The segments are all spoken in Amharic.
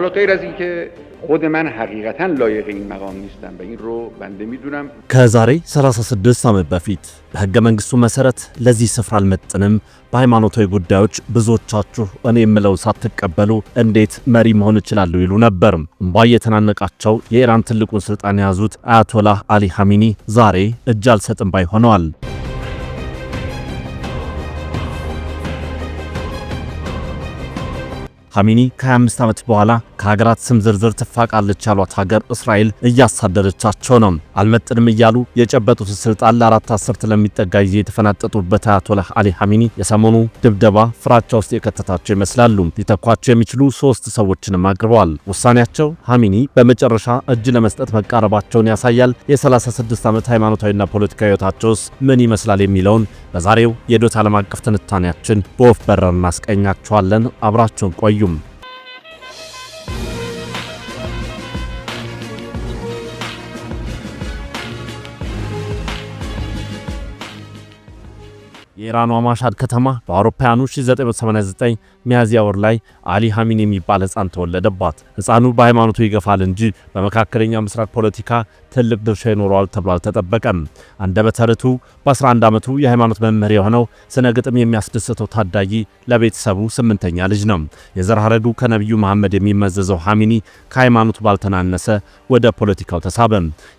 حالا غیر از اینکه خود من حقیقتا لایق این مقام نیستم و این رو بنده میدونم ከዛሬ 36 ዓመት በፊት በሕገ መንግሥቱ መሰረት ለዚህ ስፍራ አልመጥንም፣ በሃይማኖታዊ ጉዳዮች ብዙዎቻችሁ እኔ የምለው ሳትቀበሉ እንዴት መሪ መሆን እችላለሁ ይሉ ነበርም። እምባ የተናነቃቸው የኢራን ትልቁን ስልጣን የያዙት አያቶላህ አሊ ሐሚኒ ዛሬ እጅ አልሰጥም ባይ ሆነዋል። ሐሚኒ ከ25 ዓመት በኋላ ከሀገራት ስም ዝርዝር ትፋቃለች ያሏት ሀገር እስራኤል እያሳደረቻቸው ነው። አልመጥንም እያሉ የጨበጡት ስልጣን ለአራት አስርት ለሚጠጋ ጊዜ የተፈናጠጡበት አያቶላህ አሊ ሐሚኒ የሰሞኑ ድብደባ ፍራቻ ውስጥ የከተታቸው ይመስላሉ። ሊተኳቸው የሚችሉ ሶስት ሰዎችንም አቅርበዋል። ውሳኔያቸው ሐሚኒ በመጨረሻ እጅ ለመስጠት መቃረባቸውን ያሳያል። የ36 ዓመት ሃይማኖታዊና ፖለቲካዊ ሕይወታቸውስ ምን ይመስላል የሚለውን በዛሬው የዶት ዓለም አቀፍ ትንታኔያችን በወፍ በረር እናስቀኛቸዋለን። አብራቸውን ቆዩ። የኢራኗ ማሻድ ከተማ በአውሮፓውያኑ 1989 ሚያዝያ ወር ላይ አሊ ሐሚን የሚባል ህፃን ተወለደባት። ህፃኑ በሃይማኖቱ ይገፋል እንጂ በመካከለኛ ምስራቅ ፖለቲካ ትልቅ ድርሻ ይኖረዋል ተብሎ አልተጠበቀም። አንደበተ ርቱዕ በ11 ዓመቱ የሃይማኖት መምህር የሆነው ስነ ግጥም የሚያስደስተው ታዳጊ ለቤተሰቡ ስምንተኛ ልጅ ነው። የዘር ሐረጉ ከነቢዩ መሐመድ የሚመዘዘው ሐሚኒ ከሃይማኖቱ ባልተናነሰ ወደ ፖለቲካው ተሳበ።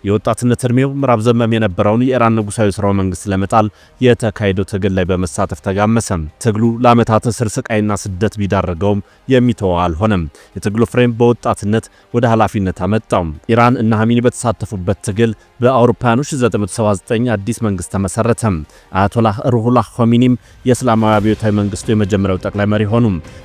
የወጣትነት እድሜው ምዕራብ ዘመም የነበረውን የኢራን ንጉሳዊ ስራው መንግስት ለመጣል የተካሄደው ትግል ላይ በመሳተፍ ተጋመሰ። ትግሉ ለዓመታት እስር፣ ስቃይና ስደት ቢዳረገውም የሚተወ አልሆነም። የትግሉ ፍሬም በወጣትነት ወደ ኃላፊነት አመጣው። ኢራን እና ሐሚኒ በተሳተፉበት በቆዩበት ትግል በአውሮፓውያኑ 1979 አዲስ መንግስት ተመሰረተ። አያቶላህ ሩሁላህ ሆሚኒም የእስላማዊ አብዮታዊ መንግስቱ የመጀመሪያው ጠቅላይ መሪ ሆኑ።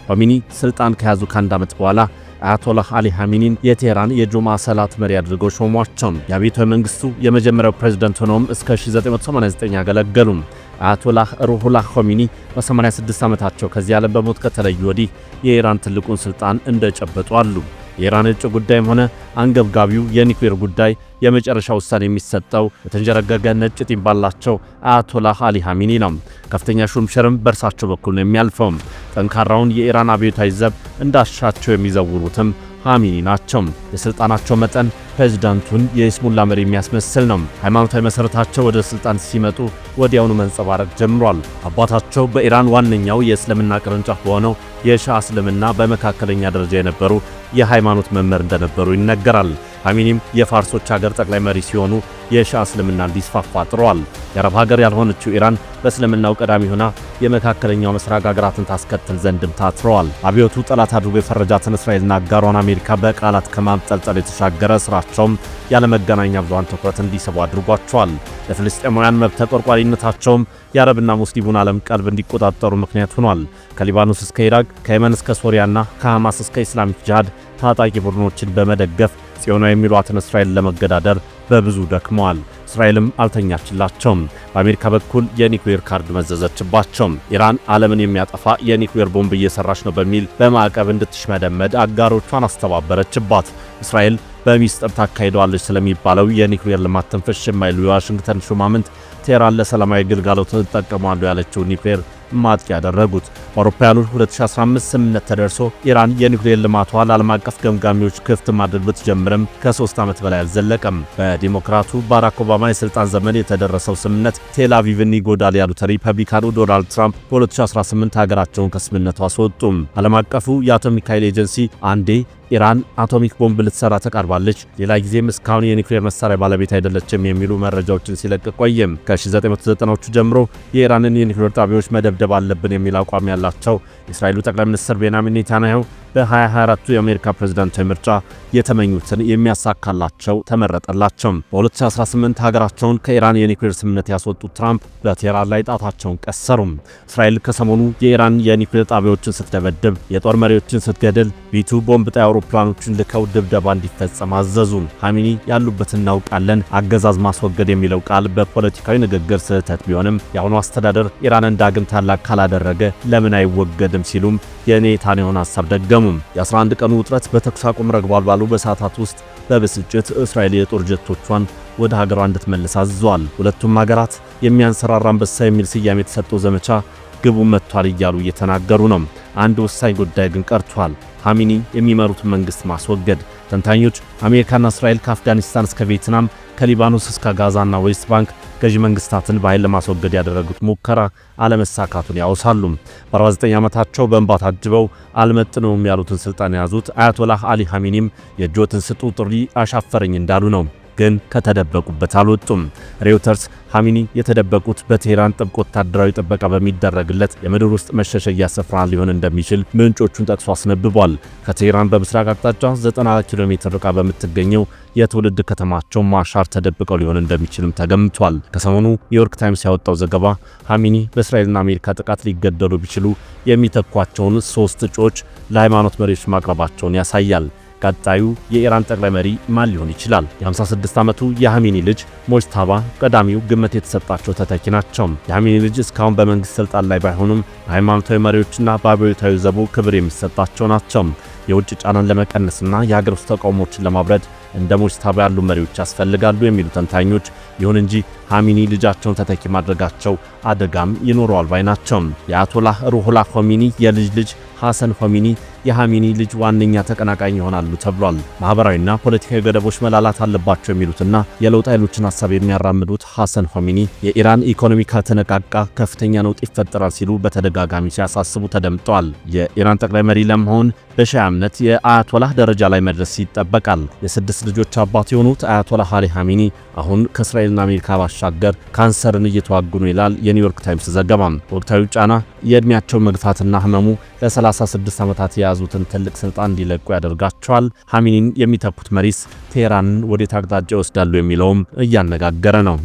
ሆሚኒ ስልጣን ከያዙ ከአንድ ዓመት በኋላ አያቶላህ አሊ ሐሚኒን የቴህራን የጁማ ሰላት መሪ አድርገው ሾሟቸው። የአብዮታዊ መንግስቱ የመጀመሪያው ፕሬዝደንት ሆነውም እስከ 1989 አገለገሉ። አያቶላህ ሩሁላህ ሆሚኒ በ86 ዓመታቸው ከዚህ ዓለም በሞት ከተለዩ ወዲህ የኢራን ትልቁን ስልጣን እንደጨበጡ አሉ። የኢራን ውጭ ጉዳይም ሆነ አንገብጋቢው የኒክሌር ጉዳይ የመጨረሻ ውሳኔ የሚሰጠው የተንጀረገገ ነጭ ጢም ባላቸው አያቶላህ አሊ ሐሚኒ ነው። ከፍተኛ ሹም በእርሳቸው በኩል ነው የሚያልፈው። ጠንካራውን የኢራን አብዮታዊ ዘብ እንዳሻቸው የሚዘውሩትም ሐሚኒ ናቸው። የሥልጣናቸው መጠን ፕሬዝዳንቱን የኢስሙላ መሪ የሚያስመስል ነው። ሃይማኖታዊ መሠረታቸው ወደ ሥልጣን ሲመጡ ወዲያውኑ መንጸባረቅ ጀምሯል። አባታቸው በኢራን ዋነኛው የእስልምና ቅርንጫፍ በሆነው የሻ እስልምና በመካከለኛ ደረጃ የነበሩ የሃይማኖት መምህር እንደነበሩ ይነገራል። ይናገራል። ሀሚኒም የፋርሶች ሀገር ጠቅላይ መሪ ሲሆኑ የሻ እስልምና እንዲስፋፋ ጥሯል። የአረብ ሀገር ያልሆነችው ኢራን በእስልምናው ቀዳሚ ሆና የመካከለኛው ምስራቅ ሀገራትን ታስከትል ዘንድም ታትረዋል። አብዮቱ ጠላት አድርጎ የፈረጃትን እስራኤልና አጋሯን አሜሪካ በቃላት ከማንጠልጠል የተሻገረ ስራቸውም ያለመገናኛ ብዙሃን ትኩረት እንዲስቡ አድርጓቸዋል። ለፍልስጤማውያን መብት ተቆርቋሪነታቸውም የአረብና ሙስሊሙን ዓለም ቀልብ እንዲቆጣጠሩ ምክንያት ሆኗል። ከሊባኖስ እስከ ኢራቅ፣ ከየመን እስከ ሶሪያና ከሐማስ እስከ ኢስላሚክ ጅሃድ ታጣቂ ቡድኖችን በመደገፍ ጽዮና የሚሏትን እስራኤል ለመገዳደር በብዙ ደክመዋል። እስራኤልም አልተኛችላቸውም። በአሜሪካ በኩል የኒውክሌር ካርድ መዘዘችባቸው። ኢራን ዓለምን የሚያጠፋ የኒውክሌር ቦምብ እየሰራች ነው በሚል በማዕቀብ እንድትሽመደመድ አጋሮቿን አስተባበረችባት። እስራኤል በሚስጥር ታካሂደዋለች ስለሚባለው የኒውክሌር ልማት ትንፍሽ የማይሉ የዋሽንግተን ሹማምንት ቴህራን ለሰላማዊ ግልጋሎት ትጠቀማሉ ያለችው ኒውክሌር ማጥቂያ ያደረጉት። በአውሮፓውያኑ 2015 ስምምነት ተደርሶ ኢራን የኒውክሌር ልማቷ ለዓለም አቀፍ ገምጋሚዎች ክፍት ማድረግ ብትጀምርም ከሶስት ዓመት በላይ አልዘለቀም። በዲሞክራቱ ባራክ ኦባማ የሥልጣን ዘመን የተደረሰው ስምምነት ቴል አቪቭን ይጎዳል ያሉት ሪፐብሊካኑ ዶናልድ ትራምፕ በ2018 ሀገራቸውን ከስምምነቱ አስወጡም። ዓለም አቀፉ የአቶሚክ ኃይል ኤጀንሲ አንዴ ኢራን አቶሚክ ቦምብ ልትሰራ ተቃርባለች፣ ሌላ ጊዜም እስካሁን የኒውክሌር መሳሪያ ባለቤት አይደለችም የሚሉ መረጃዎችን ሲለቅ ቆየም። ከ1990ዎቹ ጀምሮ የኢራንን የኒውክሌር ጣቢያዎች መደብደብ አለብን የሚል አቋም ያላቸው የእስራኤሉ ጠቅላይ ሚኒስትር ቤንያሚን ኔታንያሁ በ2024 የአሜሪካ ፕሬዝዳንታዊ ምርጫ የተመኙትን የሚያሳካላቸው ተመረጠላቸው። በ2018 ሀገራቸውን ከኢራን የኒውክሌር ስምምነት ያስወጡት ትራምፕ በቴህራን ላይ ጣታቸውን ቀሰሩም። እስራኤል ከሰሞኑ የኢራን የኒውክሌር ጣቢያዎችን ስትደበድብ፣ የጦር መሪዎችን ስትገድል፣ ቢቱ ቦምብ ጣያ አውሮፕላኖቹን ልከው ድብደባ እንዲፈጸም አዘዙ። ሐሚኒ ያሉበት እናውቃለን፣ አገዛዝ ማስወገድ የሚለው ቃል በፖለቲካዊ ንግግር ስህተት ቢሆንም የአሁኑ አስተዳደር ኢራንን ዳግም ታላቅ ካላደረገ ለምን አይወገድም ሲሉም የኔታንያሁን ሐሳብ ደገሙም። የ11 ቀኑ ውጥረት በተኩስ አቁም ረግቧል ባሉ በሰዓታት ውስጥ በብስጭት እስራኤል የጦር ጀቶቿን ወደ ሀገሯ እንድትመልስ አዟል። ሁለቱም ሀገራት የሚያንሰራራ አንበሳ የሚል ስያሜ የተሰጠው ዘመቻ ግቡ መጥቷል እያሉ እየተናገሩ ነው። አንድ ወሳኝ ጉዳይ ግን ቀርቷል። ሐሚኒ የሚመሩትን መንግስት ማስወገድ። ተንታኞች አሜሪካና እስራኤል ከአፍጋኒስታን እስከ ቬትናም ከሊባኖስ እስከ ጋዛና ዌስት ባንክ ገዢ መንግስታትን በኃይል ለማስወገድ ያደረጉት ሙከራ አለመሳካቱን ያወሳሉ። በ49 ዓመታቸው በእንባ ታጅበው አልመጥነውም ያሉትን ስልጣን የያዙት አያቶላህ አሊ ሐሚኒም የእጆትን ስጡ ጥሪ አሻፈረኝ እንዳሉ ነው። ግን ከተደበቁበት አልወጡም። ሬውተርስ ሐሚኒ የተደበቁት በቴህራን ጥብቅ ወታደራዊ ጥበቃ በሚደረግለት የምድር ውስጥ መሸሸጊያ ስፍራ ሊሆን እንደሚችል ምንጮቹን ጠቅሶ አስነብቧል። ከቴህራን በምስራቅ አቅጣጫ 90 ኪሎ ሜትር ርቃ በምትገኘው የትውልድ ከተማቸው ማሻር ተደብቀው ሊሆን እንደሚችልም ተገምቷል። ከሰሞኑ ኒውዮርክ ታይምስ ያወጣው ዘገባ ሐሚኒ በእስራኤልና አሜሪካ ጥቃት ሊገደሉ ቢችሉ የሚተኳቸውን ሶስት እጩዎች ለሃይማኖት መሪዎች ማቅረባቸውን ያሳያል። ቀጣዩ የኢራን ጠቅላይ መሪ ማን ሊሆን ይችላል? የ56 ዓመቱ የሐሜኒ ልጅ ሞጅታባ ቀዳሚው ግምት የተሰጣቸው ተተኪ ናቸው። የሐሜኒ ልጅ እስካሁን በመንግስት ስልጣን ላይ ባይሆኑም ሃይማኖታዊ መሪዎችና በአብዮታዊ ዘቡ ክብር የሚሰጣቸው ናቸው። የውጭ ጫናን ለመቀነስና የሀገር ውስጥ ተቃውሞችን ለማብረድ እንደ ሞጅታባ ያሉ መሪዎች ያስፈልጋሉ የሚሉ ተንታኞች፣ ይሁን እንጂ ሐሚኒ ልጃቸውን ተተኪ ማድረጋቸው አደጋም ይኖረዋል ባይ ናቸው። የአያቶላህ ሩህላ ሆሚኒ የልጅ ልጅ ሐሰን ሆሚኒ የሐሚኒ ልጅ ዋነኛ ተቀናቃኝ ይሆናሉ ተብሏል። ማህበራዊና ፖለቲካዊ ገደቦች መላላት አለባቸው የሚሉትና የለውጥ ኃይሎችን ሀሳብ የሚያራምዱት ሐሰን ሆሚኒ የኢራን ኢኮኖሚ ከተነቃቃ ከፍተኛ ነውጥ ይፈጠራል ሲሉ በተደጋጋሚ ሲያሳስቡ ተደምጠዋል። የኢራን ጠቅላይ መሪ ለመሆን በሺዓ እምነት የአያቶላህ ደረጃ ላይ መድረስ ይጠበቃል። የስድስት ልጆች አባት የሆኑት አያቶላህ አሊ ሐሚኒ አሁን ከእስራኤልና አሜሪካ ባሻገር ካንሰርን እየተዋጉ ነው ይላል የኒውዮርክ ታይምስ ዘገባ። ወቅታዊ ጫና፣ የእድሜያቸው መግፋትና ህመሙ ለ36 ዓመታት ያ የያዙትን ትልቅ ስልጣን እንዲለቁ ያደርጋቸዋል። ሐሚኒን የሚተኩት መሪስ ቴህራንን ወዴት አቅጣጫ ይወስዳሉ የሚለውም እያነጋገረ ነው።